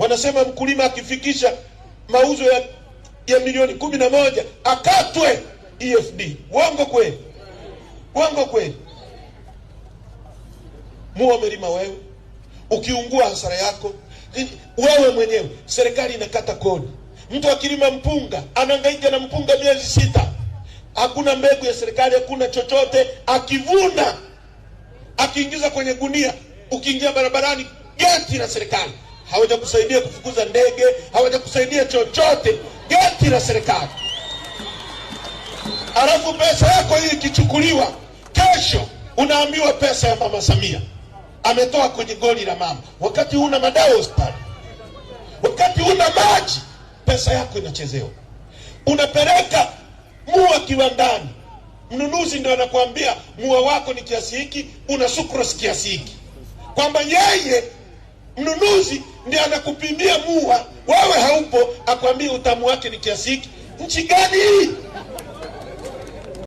Wanasema mkulima akifikisha mauzo ya, ya milioni kumi na moja akatwe EFD. Uongo kweli? Uongo kweli? Muwa amelima wewe, ukiungua hasara yako wewe mwenyewe. Serikali inakata kodi. Mtu akilima mpunga anahangaika na mpunga miezi sita, hakuna mbegu ya serikali, hakuna chochote. Akivuna akiingiza kwenye gunia, ukiingia barabarani, geti la serikali hawajakusaidia kufukuza ndege, hawajakusaidia chochote, geti la serikali. Alafu pesa yako hii ikichukuliwa kesho, unaambiwa pesa ya mama Samia ametoa kwenye goli la mama, wakati huna madawa hospitali, wakati huna maji, pesa yako inachezewa. Unapeleka mua kiwandani, mnunuzi ndo anakuambia mua wako ni kiasi hiki, una sukros kiasi hiki, kwamba yeye Mnunuzi ndi anakupimia mua, wewe haupo, akwambie utamu wake ni kiasi hiki. Nchi gani hii?